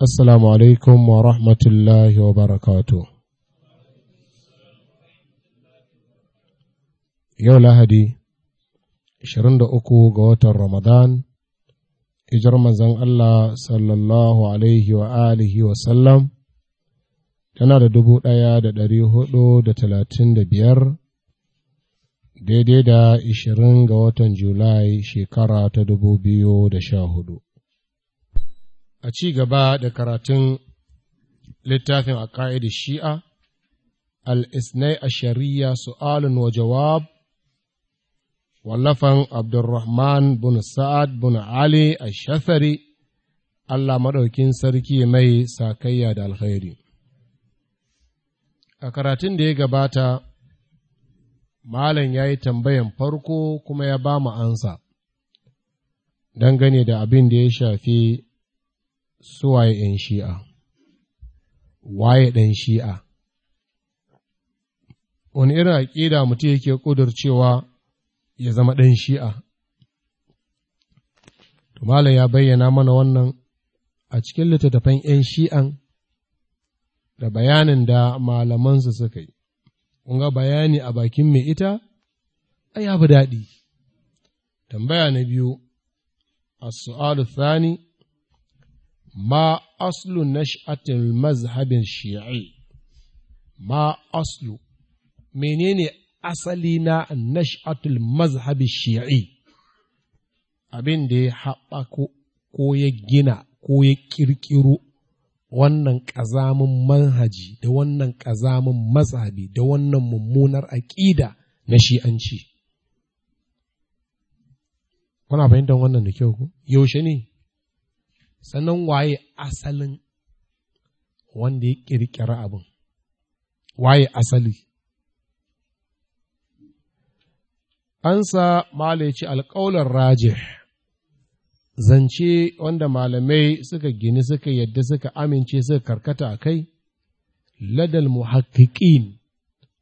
Assalamu alaikum wa rahmatullahi wa barakatu. Yau Lahadi, 23 ga watan Ramadan, ijar mazan Allah sallallahu alaihi wa alihi wa sallam, tana da dubu ɗaya da ɗari hudu da talatin da biyar, daidai da ishirin ga watan Julai shekara ta dubu biyu da sha hudu. a ci gaba da karatun littafin a ƙa'idar shi'a, al'isnai a shari'a su'alun wa jawab, wallafan Abdurrahman bin Sa'ad bin Ali a shafari, Allah maɗaukin sarki mai sakayya da alkhairi. A karatun da ya gabata, Malam ya yi tambayan farko kuma ya ba mu ansa, dangane da abin da ya shafi suwaye ‘yan shi'a, waye ɗan shi'a. Wani irin aƙida mutum yake cewa ya zama ɗan shi'a. Malam ya bayyana mana wannan a cikin littattafan ‘yan shi'an da bayanin da malamansu suka yi, ga bayani a bakin mai ita, ai ya fi daɗi. Tambaya na biyu, as-su'alu thani ma aslu نشأة mazhabin shi'i ma أصل menene asali na nash'atul mazhabi shi'i abin da ya haɓa ko ya gina ko ya ƙirƙiro wannan ƙazamin manhaji da wannan ƙazamin mazhabi da wannan mummunar aƙida na shi'anci. Kuna fahimtar wannan da kyau ku? Yaushe ne sannan waye asalin wanda ya ƙirƙira abin waye asali An sa malaci alƙaular Raje, zance wanda malamai suka gini suka yadda suka amince suka karkata a kai ladal muhakkikin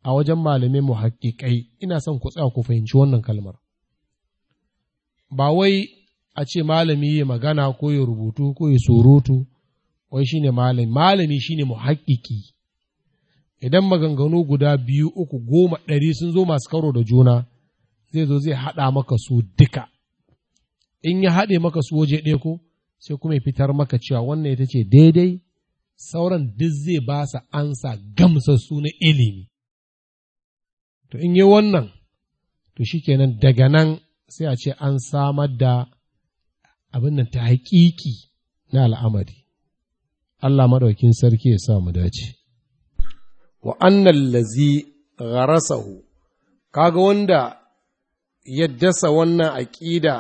a wajen malamai muhakkikai ina son ku tsaya ku fahimci wannan kalmar ba wai a ce malami ya magana ko ya rubutu ko ya surutu wai shine malami malami shine muhakkiki idan maganganu guda biyu uku goma ɗari sun zo masu karo da juna zai zo zai haɗa maka su duka in ya haɗe maka su waje ɗaya ko sai kuma ya fitar maka cewa wannan ita ce daidai sauran duk zai ba sa ansa su na ilimi to in yi wannan to shikenan daga nan sai a ce an samar da abin nan ta haƙiƙi na al'amari Allah maɗaukin sarki ya sa mu dace wa annan lazi gharasahu kaga wanda ya dasa wannan aƙida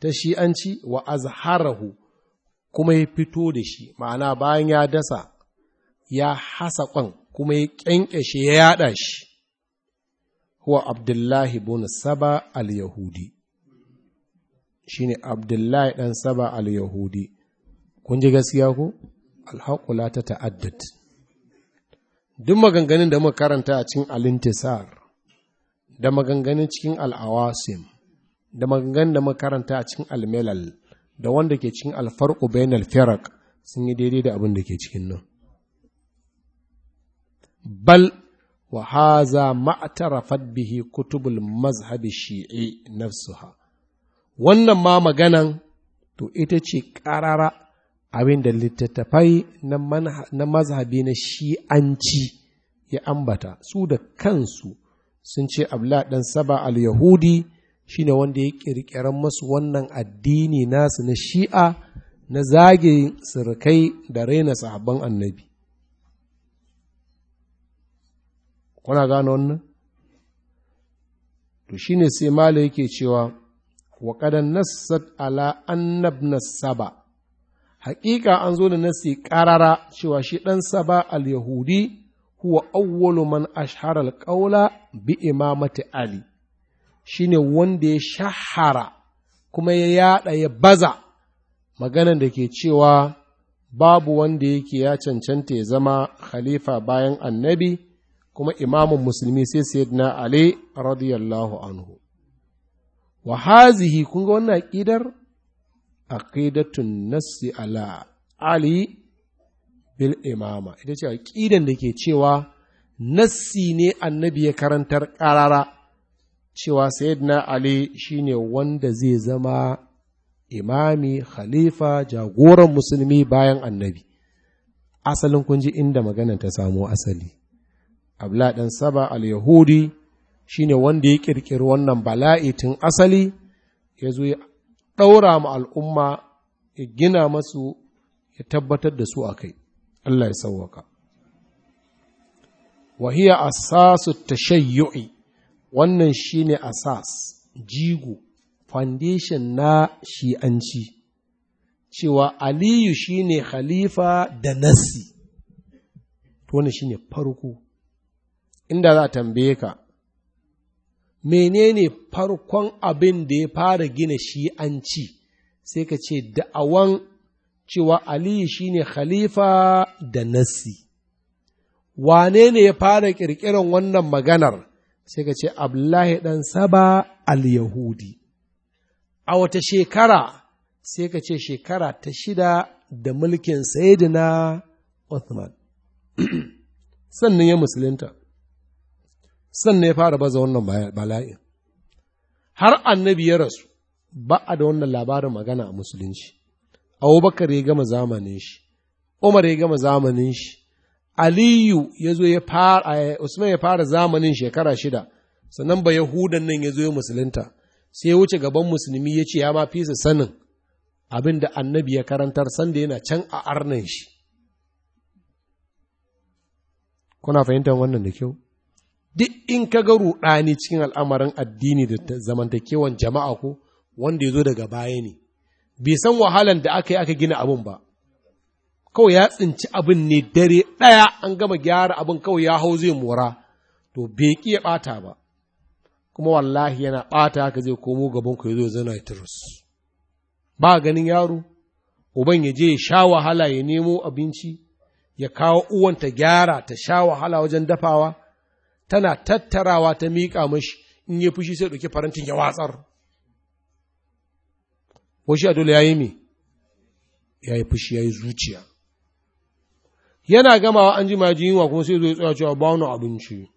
ta shi'anci wa azharahu kuma ya fito da shi ma'ana bayan ya dasa ya hasa ƙwan, kuma ya ƙyanƙyashe ya yaɗa shi huwa abdullahi Bona saba al-yahudi shine abdullahi ɗan saba al-yahudi kun ji gaskiya ku alhaƙula ta ta'addad duk maganganun da muka karanta a cikin alintisar da maganganun cikin al'awasim da maganganun da muka karanta a cikin almelal da wanda ke cikin alfarƙu bayan sun yi daidai da abin da ke cikin nan bal wa haza ma'tarafat bihi kutubul mazhabi shi'i nafsuha wannan ma maganan to ita ce ƙarara abin da littattafai na mazhabi na shi'anci ya ambata su da kansu sun ce abla ɗan saba al-yahudi ne wanda ya ƙirƙirar masu wannan addini nasu na shi'a na zage sirkai da raina sahabban annabi kuna gano wannan to ne sai mala yake cewa wa qad nassat ala annabna saba haƙiƙa an zo da nasi ƙarara cewa shi ɗan saba al-yahudi huwa awwalu man ashhara al-qawla bi imamati ali shine wanda ya shahara kuma ya yada ya baza maganan da ke cewa babu wanda yake ya cancanta ya zama khalifa bayan annabi kuma imaman musulmi sai sayyidina ali radiyallahu anhu wa hazihi kun ga wannan aqidar aqidatun nassi ala ali bil imama ita ce aqidan da ke cewa nassi ne annabi ya karantar karara cewa sayyidina ali shine wanda zai zama imami khalifa jagoran musulmi bayan annabi asalin kun ji inda maganar ta samo asali abla dan saba al-yahudi Shi ne wanda ya ƙirƙiri wannan bala'i tun asali ya zo ya ɗaura ma al'umma ya gina masu ya tabbatar da su a kai Allah ya sauwaka wahiya asasu tashayyu'i wannan shi shine asas jigo foundation na shi'anci cewa aliyu shi ne khalifa da nasi to shi ne farko inda za a tambaye ka menene farkon abin da ya fara gina shi an ci, sai ka ce da'awan cewa aliyu shine khalifa da nasi wane ne ya fara ƙirƙirar wannan maganar sai ka ce abdullahi ɗan saba al-yahudi a wata shekara sai ka ce shekara ta shida da mulkin Sayyidina Uthman sannan ya musulunta sannan ya fara baza wannan bala'in har annabi ya rasu ba a da wannan labarin magana a musulunci abubakar ya gama zamanin shi umar ya gama zamanin shi aliyu ya zo ya fara usman ya fara zamanin shekara shida sannan ba yahudan nan ya zo ya musulunta sai ya wuce gaban musulmi ya ce ya ma fi sanin abin da annabi ya karantar sanda yana can a arnan shi kuna fahimtar wannan da kyau duk in ka ga ruɗani cikin al'amarin addini da zamantakewan jama'a ko wanda ya zo daga baya ne bai san wahalan da aka yi aka gina abin ba kawai ya tsinci abin ne dare ɗaya an gama gyara abin kawai ya hau zai mora to bai ki ya ɓata ba kuma wallahi yana ɓata haka zai komo gaban ku ya zo zana turus ba ganin yaro uban ya je ya sha wahala ya nemo abinci ya kawo uwan ta gyara ta sha wahala wajen dafawa tana tattarawa ta miƙa mashi in ya fushi sai ɗauki farantin ya watsar washi a dole ya yi mi? ya yi fushi ya yi zuciya yana gamawa an ji maji yunwa kuma sai zo ya tsaya cewa ba wani abinci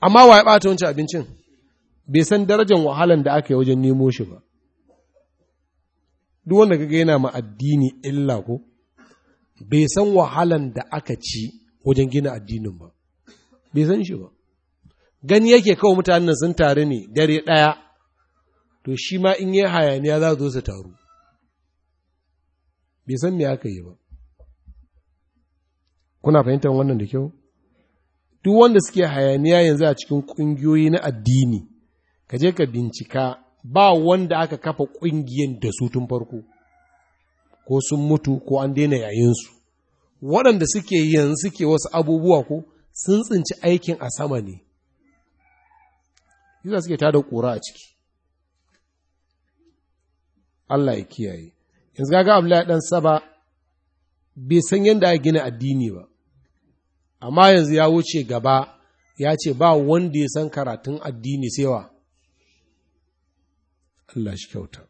amma wa ya ɓata wancan abincin bai san darajar wahalan da aka yi wajen nemo shi ba duk wanda kaga yana ma addini illa ko bai san wahalan da aka ci wajen gina addinin ba bai san shi ba gani yake kawo mutanen sun taru ne dare ɗaya to shi ma in yi hayaniya za zo su taru bai san me aka yi ba kuna fahimtar wannan da kyau duk wanda suke hayaniya yanzu a cikin ƙungiyoyi na addini ka je ka bincika ba wanda aka kafa ƙungiyan da su tun farko ko sun mutu ko an daina yayinsu waɗanda suke yanzu suke wasu abubuwa ko sun tsinci aikin a sama ne yasa suke tada ƙura a ciki Allah ya kiyaye yanzu gaga abu ɗan Saba bai san yadda a gina addini ba amma yanzu ya wuce gaba ya ce ba wanda ya san karatun addini sewa Allah shi kyauta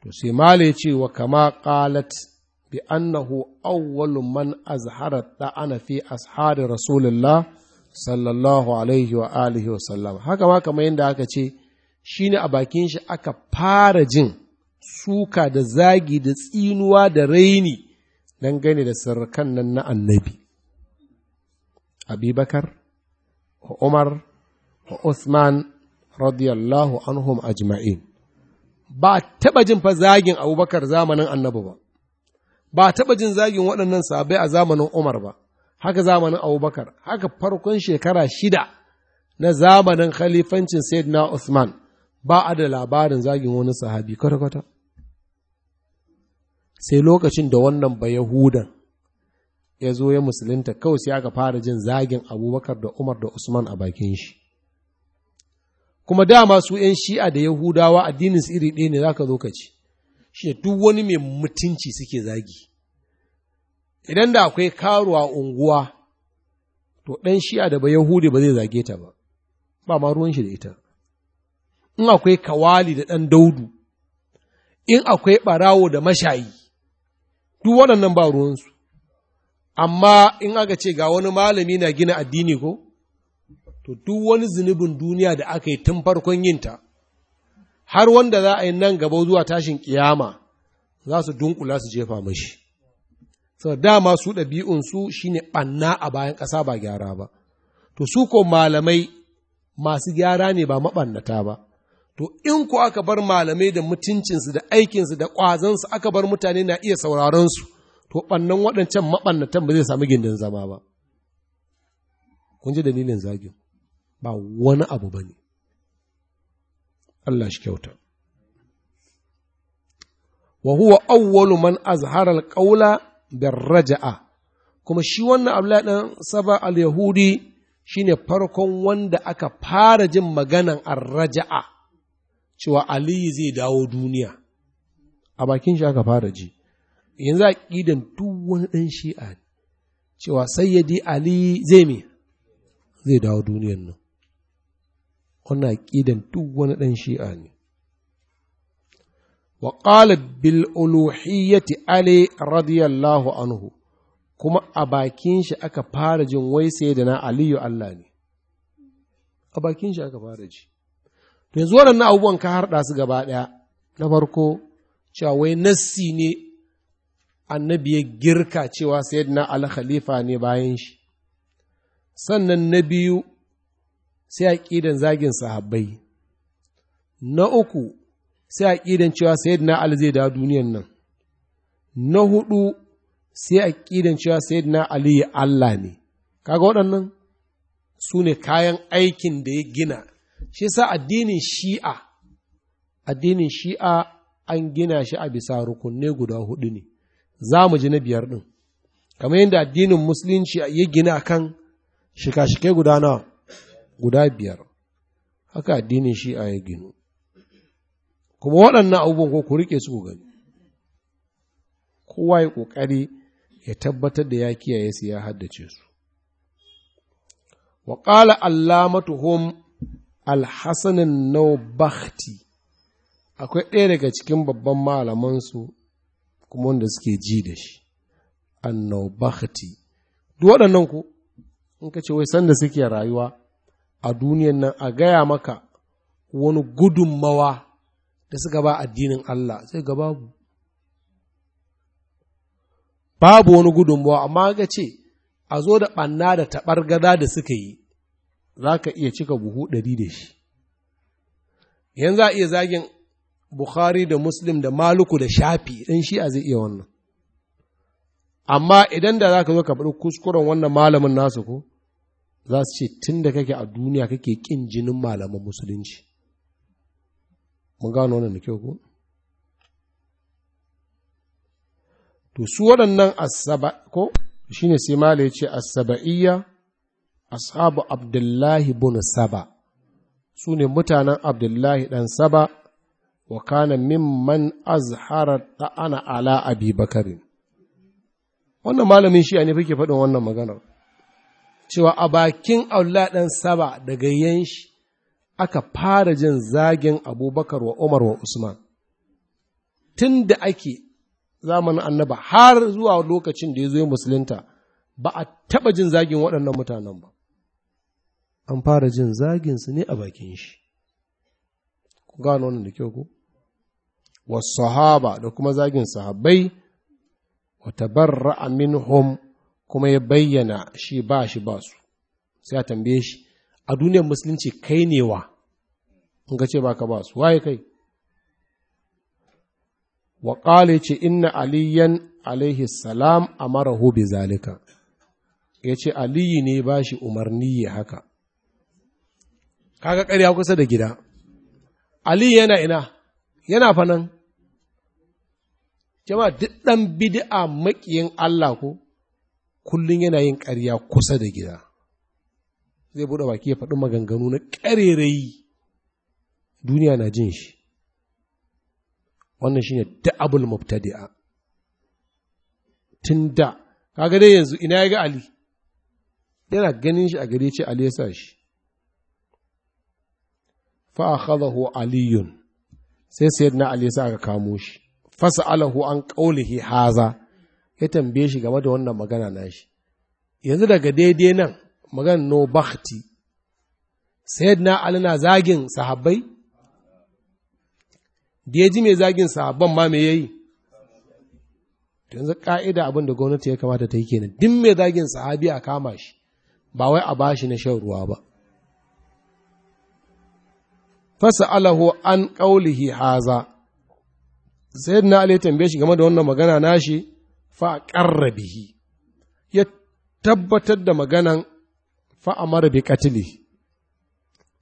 to sai ce wa kama ƙalat? bi annahu awwalu man azhara da'ana fi ashabi rasulullah sallallahu alaihi wa alihi wa sallam haka ma kamar yadda aka ce shine a bakin shi aka fara jin suka da zagi da tsinuwa da raini dangane da sirrikan nan na annabi abubakar wa umar wa usman radiyallahu anhum ajma'in ba taɓa jin fa zagin abubakar zamanin annabi ba ba a taɓa jin zagin waɗannan sabai a zamanin Umar ba, haka zamanin Abubakar, haka farkon shekara shida na zamanin khalifancin Sayyidina Usman, ba a da labarin zagin wani sahabi kwata-kwata. Sai lokacin da wannan ba Yahudan ya zo ya musulunta kawai sai aka fara jin zagin Abubakar da Umar da Usman a bakin shi. Kuma dama su ‘yan shi'a da Yahudawa addinin iri ɗaya ne za ka zo ka ci. shi duk wani mai mutunci suke zagi idan da akwai karuwa unguwa to ɗan shi'a da ba yahudi ba zai zage ta ba ba ma ruwan shi da ita in akwai kawali da ɗan daudu in akwai ɓarawo da mashayi duk waɗannan ba ruwansu amma in aka ce ga wani malami na gina addini ko to duk wani zunubin duniya da aka yi tun farkon yinta har wanda za a yi nan gaba zuwa tashin kiyama za su dunkula su jefa mashi sau dama su ɗabi'unsu shine ɓanna a bayan ƙasa ba gyara ba to su ko malamai masu gyara ne ba maɓannata ba to in ku aka bar malamai da mutuncinsu da aikinsu da ƙwazansu aka bar mutane na iya sauraronsu to ɓannan waɗancan maɓannatan ba zai samu gindin zama ba kun ji dalilin zagin ba wani abu ba ne Allah shi kyauta wa huwa awwalu man azhara al-qawla bil raja'a kuma shi wannan Abdullahi dan Saba al-Yahudi shine farkon wanda aka fara jin maganan ar-raja'a cewa Ali zai dawo duniya a bakin shi aka fara ji yanzu a ƙidan duk wani ɗan shi'a cewa sayyadi Ali zai me zai dawo duniyan nan wannan kidan duk wani dan shi'a ne wa qala bil uluhiyyati ali radiyallahu anhu kuma a bakin shi aka fara jin wai sai da na aliyu Allah ne a bakin shi aka fara ji to yanzu wannan abubuwan ka harɗa su gaba ɗaya na farko cewa wai nassi ne annabi ya girka cewa sayyidina ali khalifa ne bayan shi sannan na biyu sai a ƙidan zagin sahabbai na uku sai a ƙidan cewa sayyidina ali zai dawo duniyan nan na hudu sai a ƙidan cewa na ali ya Allah ne kaga waɗannan su ne kayan aikin da ya gina shi sa addinin shi'a addinin shi'a an gina shi a bisa rukunne guda hudu ne za mu ji na biyar ɗin kamar yadda addinin musulunci ya gina kan shika-shike guda nawa guda biyar haka addinin shi a ya ginu kuma waɗannan abubuwan ko ku riƙe su gani kowa ya ƙoƙari ya tabbatar da ya kiyaye su ya haddace su wa ƙala allamatuhum alhassanin naubakti akwai ɗaya daga cikin babban malamansu kuma wanda suke ji da shi nau'bakti duk waɗannan ku in ka ce wai sanda suke rayuwa a duniyan nan a gaya maka wani gudunmawa da suka ba addinin Allah sai ga babu wani gudunmawa amma ga ce a zo da ɓanna da gada da suka yi za ka iya cika buhu ɗari da shi yanzu a iya zagin Bukhari da Muslim da Maluku da Shafi ɗan shi a zai iya wannan amma idan da za ka zo ka faɗi kuskuren wannan malamin nasu ko za su ce tun da kake a duniya kake ƙin jinin malaman musulunci mun gano wannan da kyau ko to su waɗannan asaba ko shine sai mala ya ce asaba'iyya ashabu abdullahi bin saba su ne mutanen abdullahi Dan saba wa kana mimman azhara ta'ana ala abi bakarin wannan malamin shi ne fake faɗin wannan maganar cewa a bakin auladan ɗan Saba da gayyan shi aka fara jin zagin Abubakar wa Umar wa Usman. Tun da ake zamanin annaba har zuwa lokacin da ya zo musulunta ba a taba jin zagin waɗannan mutanen ba. An fara jin zaginsu ne a bakin shi. Ku gano wannan da kyau ku? Wasu sahaba da kuma zagin sahabbai, wata barra minhum kuma ya bayyana shi ba shi ba su sai a tambaye shi a duniyar musulunci kai ne wa in ka ce baka ba su waye kai wa ƙale ce inna aliyan alaihi salam mara bi zalika ya ce aliyu ne ba shi umarni ya haka kaga ƙarya kusa da gida aliyu yana ina yana fanan jama'a duk ɗan bid'a maƙiyin Allah ko kullum yana yin ƙarya kusa da gida zai buɗe baki ya faɗi maganganu na ƙarerayi duniya na jin shi wannan shine da'abul mubtadi'a tun da kaga dai yanzu ina ya ga ali yana ganin shi a gare ce ali ya sa shi fa akhadahu aliyun sai sayyidina ali ya sa aka kamo shi fasa alahu an qawlihi haza ya tambaye shi game da wannan magana nashi yanzu daga daidai nan magana no bakhti sayyidina ali na zagin sahabbai da ya ji mai zagin sahabban ma me yayi yanzu ka'ida abin da gwamnati ya kamata ta yi kenan duk mai zagin sahabi a kama shi ba wai a bashi na shan ruwa ba fasa'alahu an qaulihi haza sayyidina ali tambaye shi game da wannan magana nashi fa ƙarra bihi ya tabbatar da maganan fa amara bi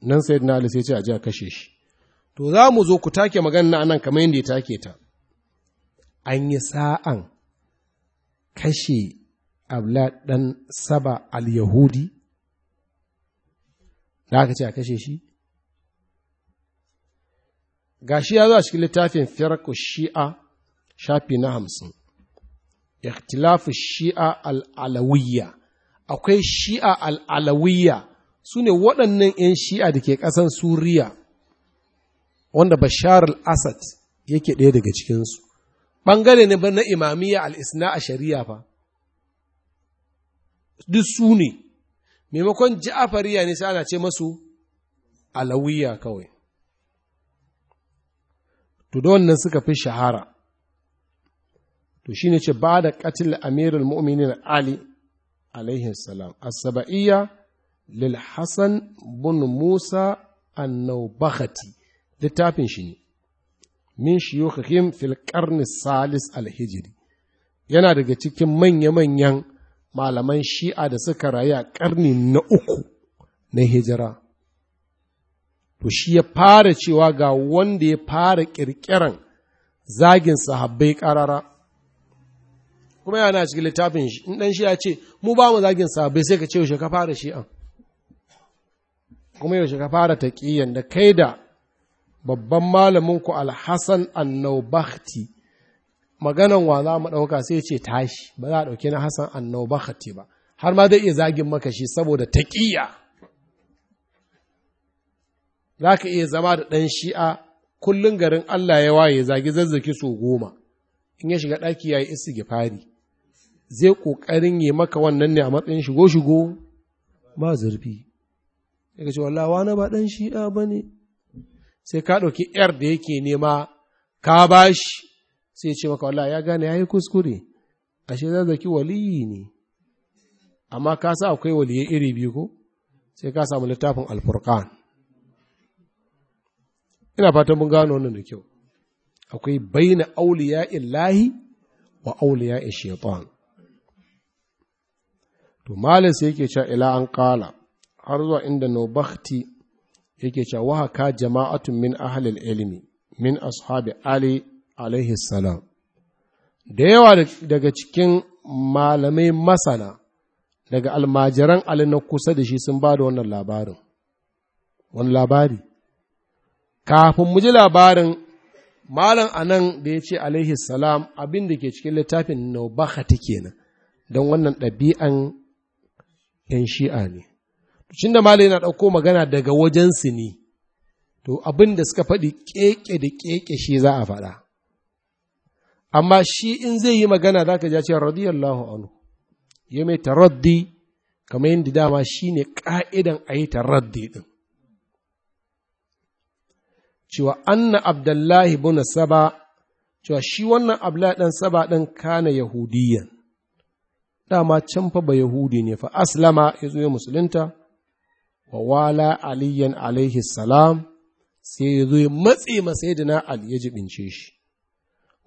nan sai na ali ce a ji a kashe shi to za mu zo ku take maganan na anan kamar yadda ya take ta an yi sa'an kashe abladan saba al-yahudi da aka ce a kashe shi gashi ya zo a cikin littafin firku shi'a shafi na hamsin ikhtilafu shi'a al'alawiyya akwai shi'a al'alawiyya su ne waɗannan 'yan shi'a da ke ƙasan suriya wanda bashar al-assad yake ɗaya daga cikinsu bangare ne na imamiyya al'isna a shari'a fa duk su ne maimakon ja'afariya ne sai ana ce masu alawiyya kawai to da wannan suka fi shahara to shi ne ce ba da katil amirul mu'minin ali salam as lil Hassan bin musa an littafin shi ne min shuyukhihim fil karni salis al-hijri yana daga cikin manya-manyan malaman shi'a da suka rayu a karni na uku na hijira to shi ya fara cewa ga wanda ya fara ƙirƙiran zagin sahabbai ƙarara kuma yana cikin littafin shi in dan shi ya ce mu ba mu zagin bai sai ka ce yaushe ka fara shi an kuma yaushe ka fara taqiyan da kai da babban malamin ku alhassan annobakti maganan wa za mu ɗauka sai ce tashi ba za a ɗauke na hassan annobakti ba har ma zai iya zagin maka shi saboda taƙiyya za ka iya zama da ɗan shi'a kullum garin Allah ya waye zagi zazzaki so goma in ya shiga ɗaki ya yi isi gifari zai ƙoƙarin yi maka wannan ne a matsayin shigo-shigo ba zurfi daga ce wa na ba ɗan shi'a ba ne sai ka ɗauki ‘yar da yake nema ka ba shi sai ce maka wallah ya gane ya yi kuskure ashe za zaki waliyi ne amma ka sa akwai waliye iri biyu ko sai ka samu littafin alfurkan ina fatan mun gano wannan da kyau akwai baina auliya illahi wa auliya shaitan to sai yake cewa ila an kala har zuwa inda nobakti yake cewa wahaka jama'atun min ahalil ilimi min ashabi ali alaihi salam da yawa daga cikin malamai masana daga almajiran ali na kusa da shi sun ba da wannan labarin wani labari kafin mu ji labarin malam anan da ya ce alaihi salam abin ke cikin littafin naubakati kenan don wannan ɗabi'an ‘yan shi'a ne. Cin da malai yana ɗauko magana daga wajensu ne, to abin da suka faɗi ƙeƙe da ƙeƙe shi za a faɗa. Amma shi in zai yi magana za ka ja cewa radiyallahu anhu, ya mai taraddi kamar yadda dama shi ne ƙa'idan a yi taraddi ɗin. Cewa anna Abdullahi bin Saba, cewa shi wannan Abdullahi ɗan Saba ɗin kana Yahudiyan. dama can fa ba Yahudi ne fa aslama ya zo ya musulunta wa wala aliyan alaihi salam sai ya zo ya matse yadda Ali ya jibince shi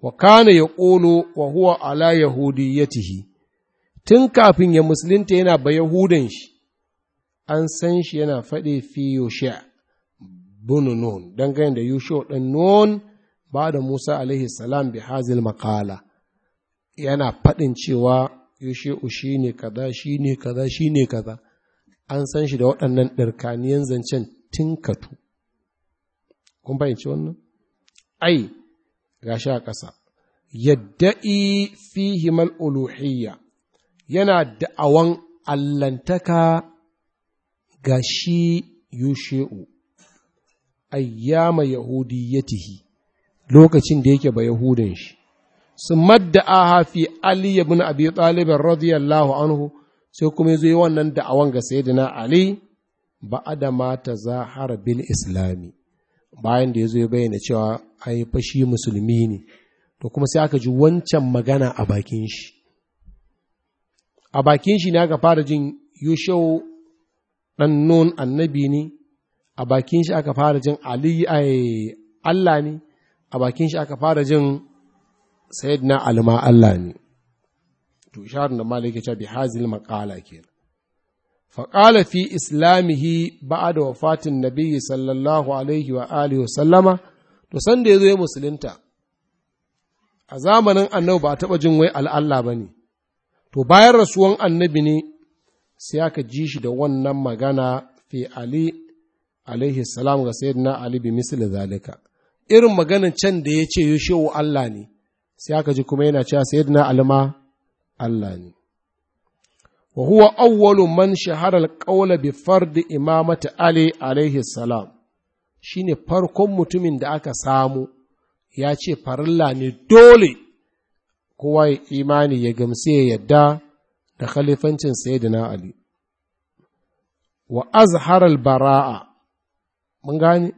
wa kana ya ƙolo wa huwa ala tihi tun kafin ya musulunta yana ba Yahudan shi an san shi yana faɗi fi Yosha bunu nun dangane da Yosha ɗan non, ba da Musa alaihi salam bi hazil makala yana faɗin cewa yushe'u shi ne kaza shi ne kaza shi ne kaza an san shi da waɗannan ɗarkaniyan zancen tinkatu kun fahimci wannan ai ga a ƙasa yadda'i fi uluhiyya yana da'awan allantaka ga shi yushe'u ayyama tihi lokacin da yake ba yahudan shi su madda fi Ali ibn Abi Talib radiyallahu anhu sai kuma yazo yi wannan da'awan ga sayyidina Ali ba adama ta zahar bil islami bayan da yazo ya bayyana cewa ai fashi musulmi ne to kuma sai aka ji wancan magana a bakin shi a bakin shi ne aka fara jin yushau dan nun annabi ne a bakin shi aka fara jin Ali ai Allah ne a bakin shi aka fara jin sayyidina alma Allah ne to ishar da malik ya ce bi hazil maqala ke. fa qala fi islamihi ba'da wafatin nabiyyi sallallahu alaihi wa alihi wa sallama to san da yazo ya musulunta a zamanin annabi ba a taɓa jin wai al'ala ba ne, to bayan rasuwan annabi ne sai aka ji shi da wannan magana fi Ali alaihi salam ga sayyidina Ali bi misali zalika, irin maganan can da ya ce yushewu Allah ne, sai aka ji kuma yana cewa na alma Allah ne wa huwa awwalu man shahara alqawla bi fardi imamati ali alaihi salam shine farkon mutumin da aka samu ya ce farilla ne dole kowa ya imani ya gamsu ya yadda da khalifancin sayyidina ali wa azharar bara'a mun gani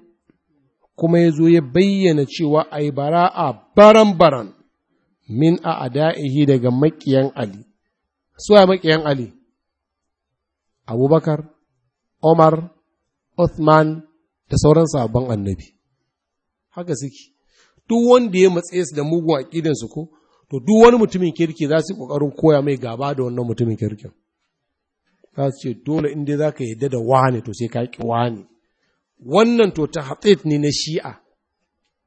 kuma ya zo ya bayyana cewa ai bara'a baran-baran min a ada'ihi daga makiyan Ali. Suwa makiyan Ali? Abubakar, Omar, Uthman da sauran sabon annabi. Haka suke, duk wanda ya matse su da mugun aƙidansu ko, to duk wani mutumin kirki za su ƙoƙarin koya mai gaba da wannan mutumin kirkin. Za su ce, dole inda za ka yadda da wane to sai ka ƙi wane. Wannan to ta ne na shi'a,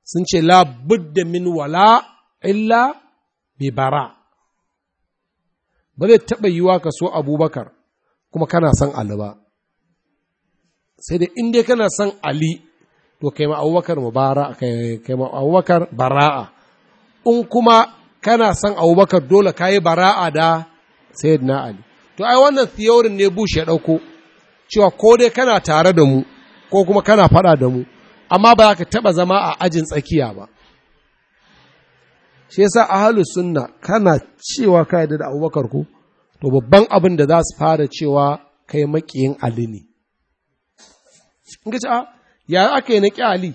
sun ce la budda min wala illa mai bara ba zai taɓa yiwa ka so abubakar kuma kana son ali ba sai dai in dai kana son ali to kai ma abubakar mubara kai ma abubakar bara'a in kuma kana son abubakar dole ka yi bara'a da na ali to ai wannan theorin ne bush ya ɗauko cewa ko dai kana tare da mu ko kuma kana faɗa da mu amma ba ka taɓa zama a ajin tsakiya ba shi yasa ahlus sunna kana cewa ka yarda da abubakar ko to babban abin da za su fara cewa kai makiyin ali ne in ga a ah, ya aka yi na ƙi ali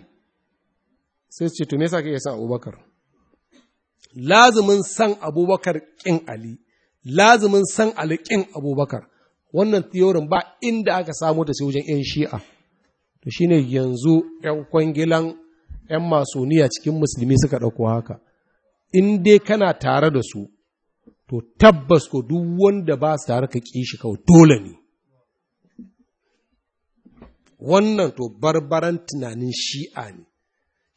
sai ce to me yasa kake san abubakar lazumin san abubakar ƙin ali lazumin san ali ƙin abubakar wannan tiyorin ba inda aka samu da sai wajen 'yan shi'a to shine yanzu 'yan kwangilan 'yan masuniya cikin musulmi suka ɗauko haka in dai kana tare da su to tabbas ko duk wanda ba su tare ka ƙi shi kawai dole ne wannan to barbaran tunanin shi'a ne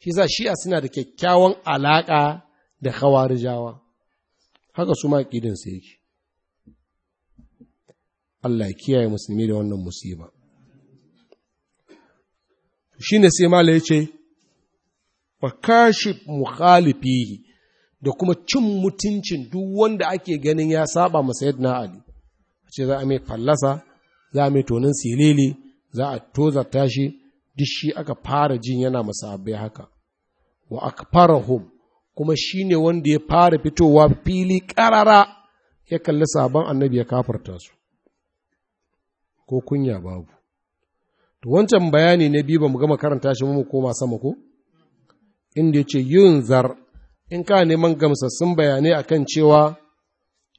shi za shi'a suna da kyakkyawan alaƙa da jawa. haka su ma ƙidansu yake Allah ya kiyaye musulmi da wannan musiba shi ne sai mala ya ce wa kashif mukhalifihi da kuma cin mutuncin duk wanda ake ganin ya saba na na ali ce za a mai fallasa za a mai tonin silili za a toza tashi duk shi aka fara jin yana masahabai haka wa hom. kuma shi ne wanda ya fara fitowa fili karara ya kalli sabon annabi ya kafarta su ko kunya babu to wancan bayani na biyu ba mu gama karanta shi mu koma sama ko inda yace zar. in ka neman gamsassun bayanai akan cewa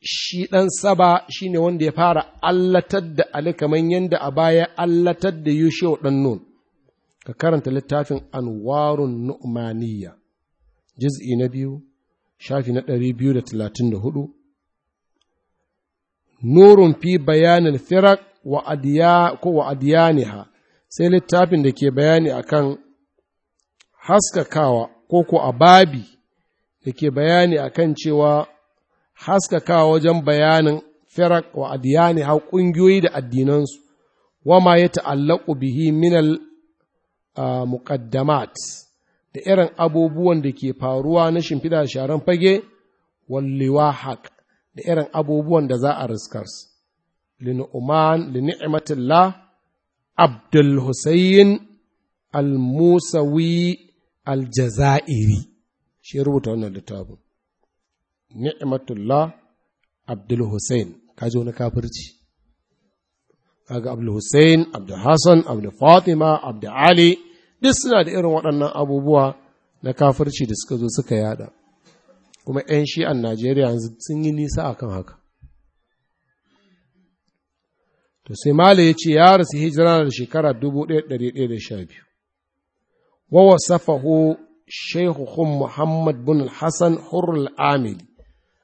shi ɗan saba shi ne wanda ya fara allatar da Ali kamar yadda a baya allatar da Yushau ɗan nun, ka karanta littafin Anwarun Nu'maniya, jiz'i na biyu, shafi na ɗari biyu da talatin da hudu, Nurun fi bayanin firak wa adiya ko wa adiyaniha sai littafin da ke bayani akan haskakawa ko ko babi. da ke bayani a kan cewa haskaka wajen bayanin firak wa adiyani har ƙungiyoyi da addinansu wama ya ta'allaku bihi minal muqaddamat da irin abubuwan da ke faruwa na shimfiɗa sharan fage wallewa haƙ da irin abubuwan da za a riskarsu. linu'uman lini'matillah abdul husayn al-musawi al-jaza'iri shi ya rubuta wannan littafin ni'matullah abdul hussein ji wani kafirci kaga abdul hussein abdul hassan abdul fatima abdul ali duk suna da irin waɗannan abubuwa na kafirci da suka zo suka yada kuma 'yan shi'an najeriya yanzu sun yi nisa a kan haka to sai ya ce ya rasu hijira da shekara 1112 wa wasafahu shaykhuhum Muhammad bin Hassan Hurul Amili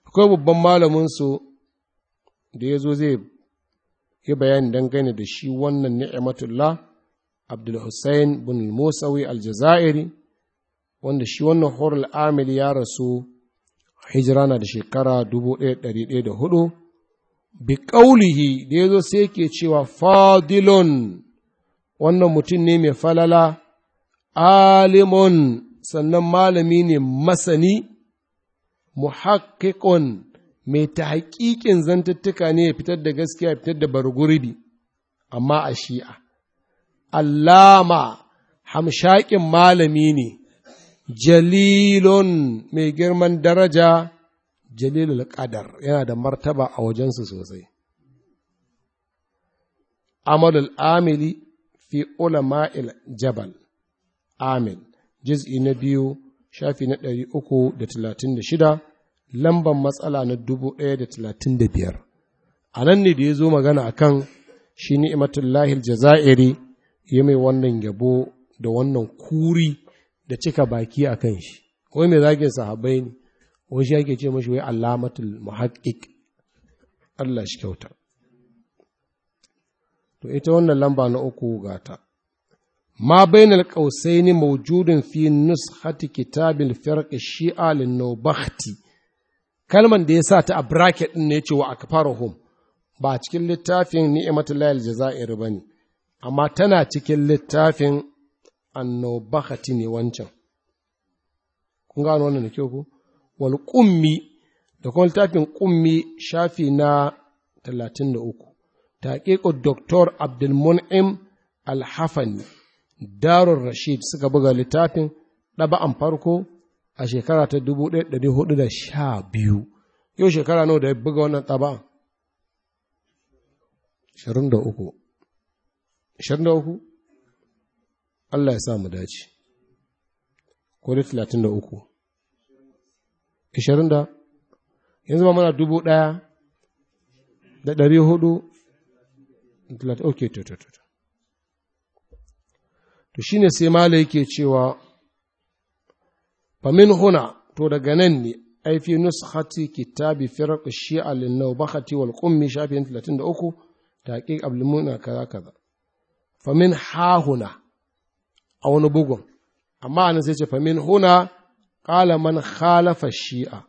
akwai babban malamin da ya zo zai yi bayani dangane da shi wannan ni'matullah Abdul Hussein bin Musawi Aljazairi wanda shi wannan Hurul Amili ya rasu hijira na da shekara 1104 bi ƙaulihi da ya zo sai ke cewa fadilon wannan mutum ne mai falala alimun sannan malami ne masani, muhakkikon mai ta haƙiƙin zantattuka ne ya fitar da gaskiya fitar da bargurbi, amma a shi'a. Allama hamshaƙin malami ne, jalilon mai girman daraja, jalilul ƙadar yana da martaba a wajensu sosai. Amalul amili fi ulama'il jabal, amil. juz'i na biyu shafi na ɗari uku da talatin da shida lamban matsala na dubu ɗaya da talatin da biyar a nan ne da ya zo magana a kan shi ni'imatullahi jazairi ya mai wannan yabo da wannan kuri da cika baki a kan shi wai mai zagin sahabai ne wai shi ake ce mashi wai alamatul muhaqqiq Allah shi kyauta to ita wannan lamba na uku gata ma bainal qausaini mawjudun fi nushati kitabil firq shi'a lin nubakhti kalman da yasa ta a ya din ne yace wa akfaruhum ba cikin littafin ni'matul lail ba ne amma tana cikin littafin annubakhti ne wancan kun gano wannan da kyau ko da kuma littafin ƙummi shafi na 33 taƙiƙo Dr. Abdulmun'im Alhafani darul rashid suka buga littafin ɗaba'an farko a shekara ta 1412 yau shekara nawa da ya buga wannan ɗaba'an 23 23 Allah ya sa mu dace ko da 33 20 da yanzu ba mana dubu ɗaya da ɗari hudu ok to to to to shine sai mala yake cewa famin huna to daga nan ne ai fi kitabi firq shi'a lin nawbahati wal qummi shafin 33 taqiq abul kaza kaza famin huna a wani bugun amma anan sai ce famin huna qala man khalafa shi'a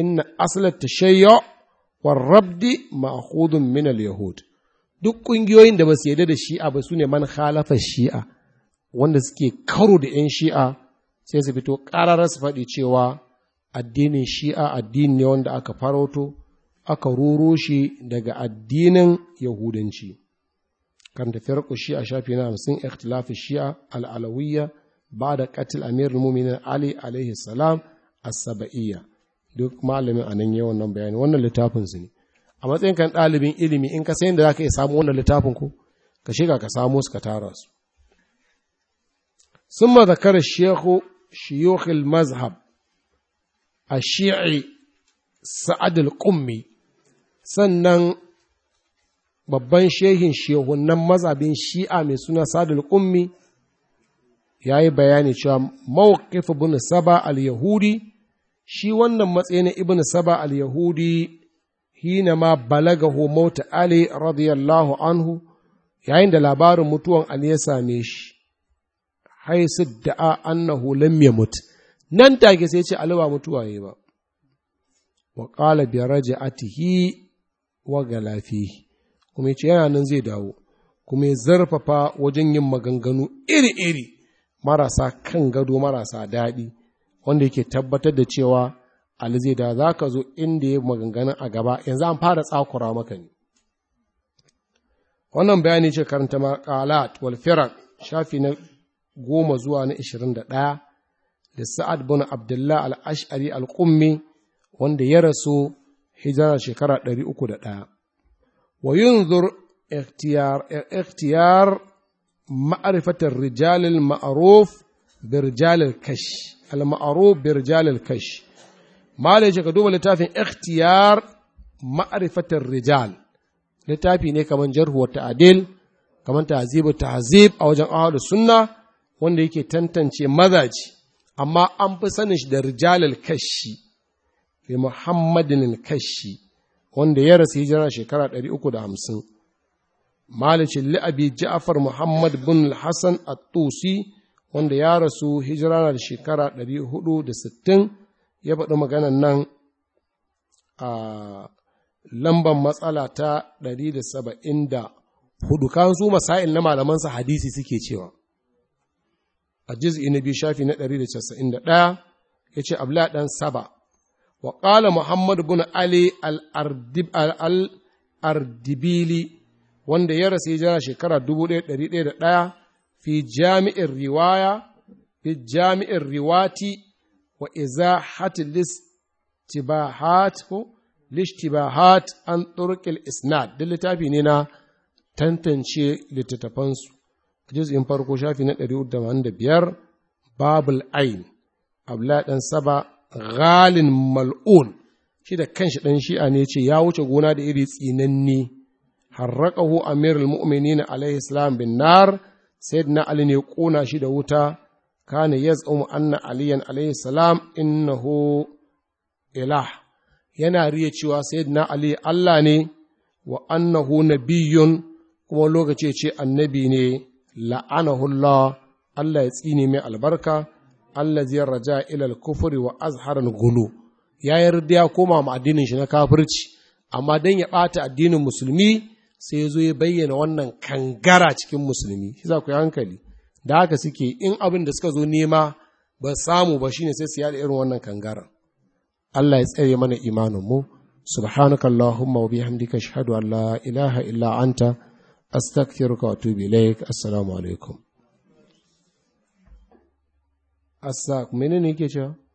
inna aslat tashayyu والربد مأخوذ من اليهود duk ƙungiyoyin da ba su yarda da shi'a ba su ne man halafa shi'a wanda suke karo da 'yan shi'a sai su fito ƙararar su faɗi cewa addinin shi'a addini ne wanda aka farauto aka roro shi daga addinin yahudanci kan firku shi'a shafi na hamsin ikhtilafi shi'a al'alawiyya ba da katil amir muminin ali alaihi salam as-saba'iyya duk malamin anan yawan nan bayani wannan littafin su ne a matsayin kan ɗalibin ilimi in ka sayin da za ka iya samu wannan littafin ku ka shiga ka samu su ka tara su sun ma zakar shehu shiyukhil mazhab a shi'i sa'adul ƙummi sannan babban shehin shehunan mazhabin shi'a mai suna sa'adul ƙummi ya yi bayani cewa mawakifu bin saba al-yahudi shi wannan matsayin ibn saba al-yahudi hina ma balagahu mauta Ali radiyallahu anhu yayin da labarin mutuwan Ali ya same shi haisu da'a annahu lam yamut nan take sai ce Ali ba mutuwa yayi ba wa qala bi raja'atihi wa galafihi kuma yace yana nan zai dawo kuma ya zarfafa wajen yin maganganu iri-iri marasa kan gado marasa daɗi wanda yake tabbatar da cewa ali zai da za ka zo inda ya maganganun a gaba yanzu an fara tsakura maka ne wannan bayani ce karanta maqalat wal firaq shafi na goma zuwa na ishirin da ɗaya da sa'ad bin abdullah al-ash'ari al wanda ya rasu hijira shekara ɗari uku da ɗaya wa yunzur ikhtiyar ma’arifatar rijalil ma'aruf birjalil kashi, al-ma'aruf birjalil kash malai ce ka duba littafin ikhtiyar ma'rifatar rijal littafi ne kamar jarhuwar ta'adil kamar ta'azibu ta'azib a wajen ahlus sunna wanda yake tantance mazaji amma an fi sanin shi da rijalal kashi fi muhammadin kashi wanda ya rasu hijira shekara 350 malicin li'abi ja'far muhammad bin hassan at-tusi wanda ya rasu hijira shekara 460 ya faɗi maganan nan a lambar matsala ta 174 kan su masail na malamansa hadisi suke cewa a jiz'i na biyu shafi na 191 ya ce abla ɗan saba wa ƙala muhammad bin ali al-ardibili wanda ya rasu jana shekara 1101 fi jami'in riwaya fi jami'in riwati wa izahati listibahat ko lishtibahat an turqil isnad duk littafi ne na tantance littattafansu in farko shafi na biyar babul ain abla ɗan saba ghalin mal'un shi da kanshi dan shi'a ne ce ya wuce gona da iri tsinanni harraqahu amirul mu'minin alayhi salam bin nar sayyidina ali ne kona shi da wuta kana yaz'umu anna aliyan alaihi salam innahu ilah yana riya cewa sayyidina ali Allah ne wa annahu nabiyyun kuma lokaci ce annabi ne la'anahu Allah Allah ya tsine mai albarka Allah zai raja ilal kufuri wa azharan gulu ya yarda ya koma ma addinin shi na kafirci amma dan ya bata addinin musulmi sai ya zo ya bayyana wannan kangara cikin musulmi shi za ku yi hankali da haka suke in abin da suka zo nema ba samu ba shine sai su yada irin wannan kangaran Allah ya tsare mana imanin mu subhanaka allahumma wa bihamdika ashhadu an la ilaha illa anta astaghfiruka wa atubu ilaik assalamu alaikum Asak, menene yake cewa